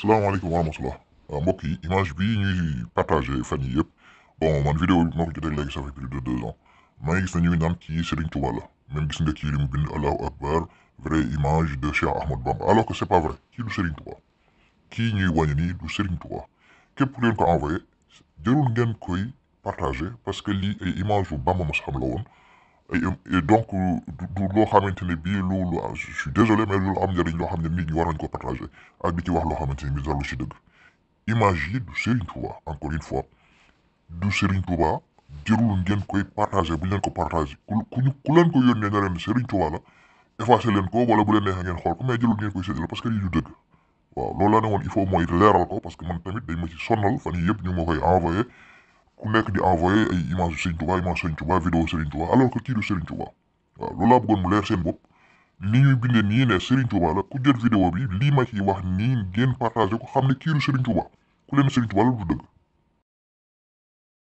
salaamaaleykum wa rahmatulah mbokk yi image bii ñuy partagé fan yépp bon man vidéo bi ma ko jotee léegi ça fait plus de deux ans maa ngi gis ne ñu naan kii Serigne Touba la même gis nga kii li mu bind Allahu Akbar vraie image de Cheikh Ahmed Bamba alors que c'est pas vrai kii du Serigne Touba kii ñuy wàññi nii du Serigne Touba képp ku leen ko envoyé jërul ngeen koy partagé parce que lii ay image bu Bamba mos xam la woon et donc euh, du loo xamante ne bii ah, je suis désolé mais loolu am njëriñ loo xam nit ñi war nañ ko partager ak bi ci wax lo xamanteni ne bii ci deug image yi du Serigne Touba encore une fois du Serigne Touba jërul ngeen koy partager bu ñu leen ko partager ku ku ku leen ko yónnee ne leen Serigne Touba la effacé leen ko wala bu leen neexee ngeen xol ko mais jërul ngeen koy séddale parce que lii du dëgg waaw lolu la ne il faut moy leral ko parce que man tamit dañ ma ci sonnal fan yépp ñu ma koy envoyé. ku nekk di envoyé ay image Serigne Touba image Serigne Touba vidéo Serigne Touba alors que kii du Serigne Touba waaw mu leer seen bopp ni bindee nii ne Serigne Touba la ku jot vidéo bi lii ma ciy wax nii ngeen partagé ko xam ne kii du Serigne ku leen Serigne Touba la du dëgg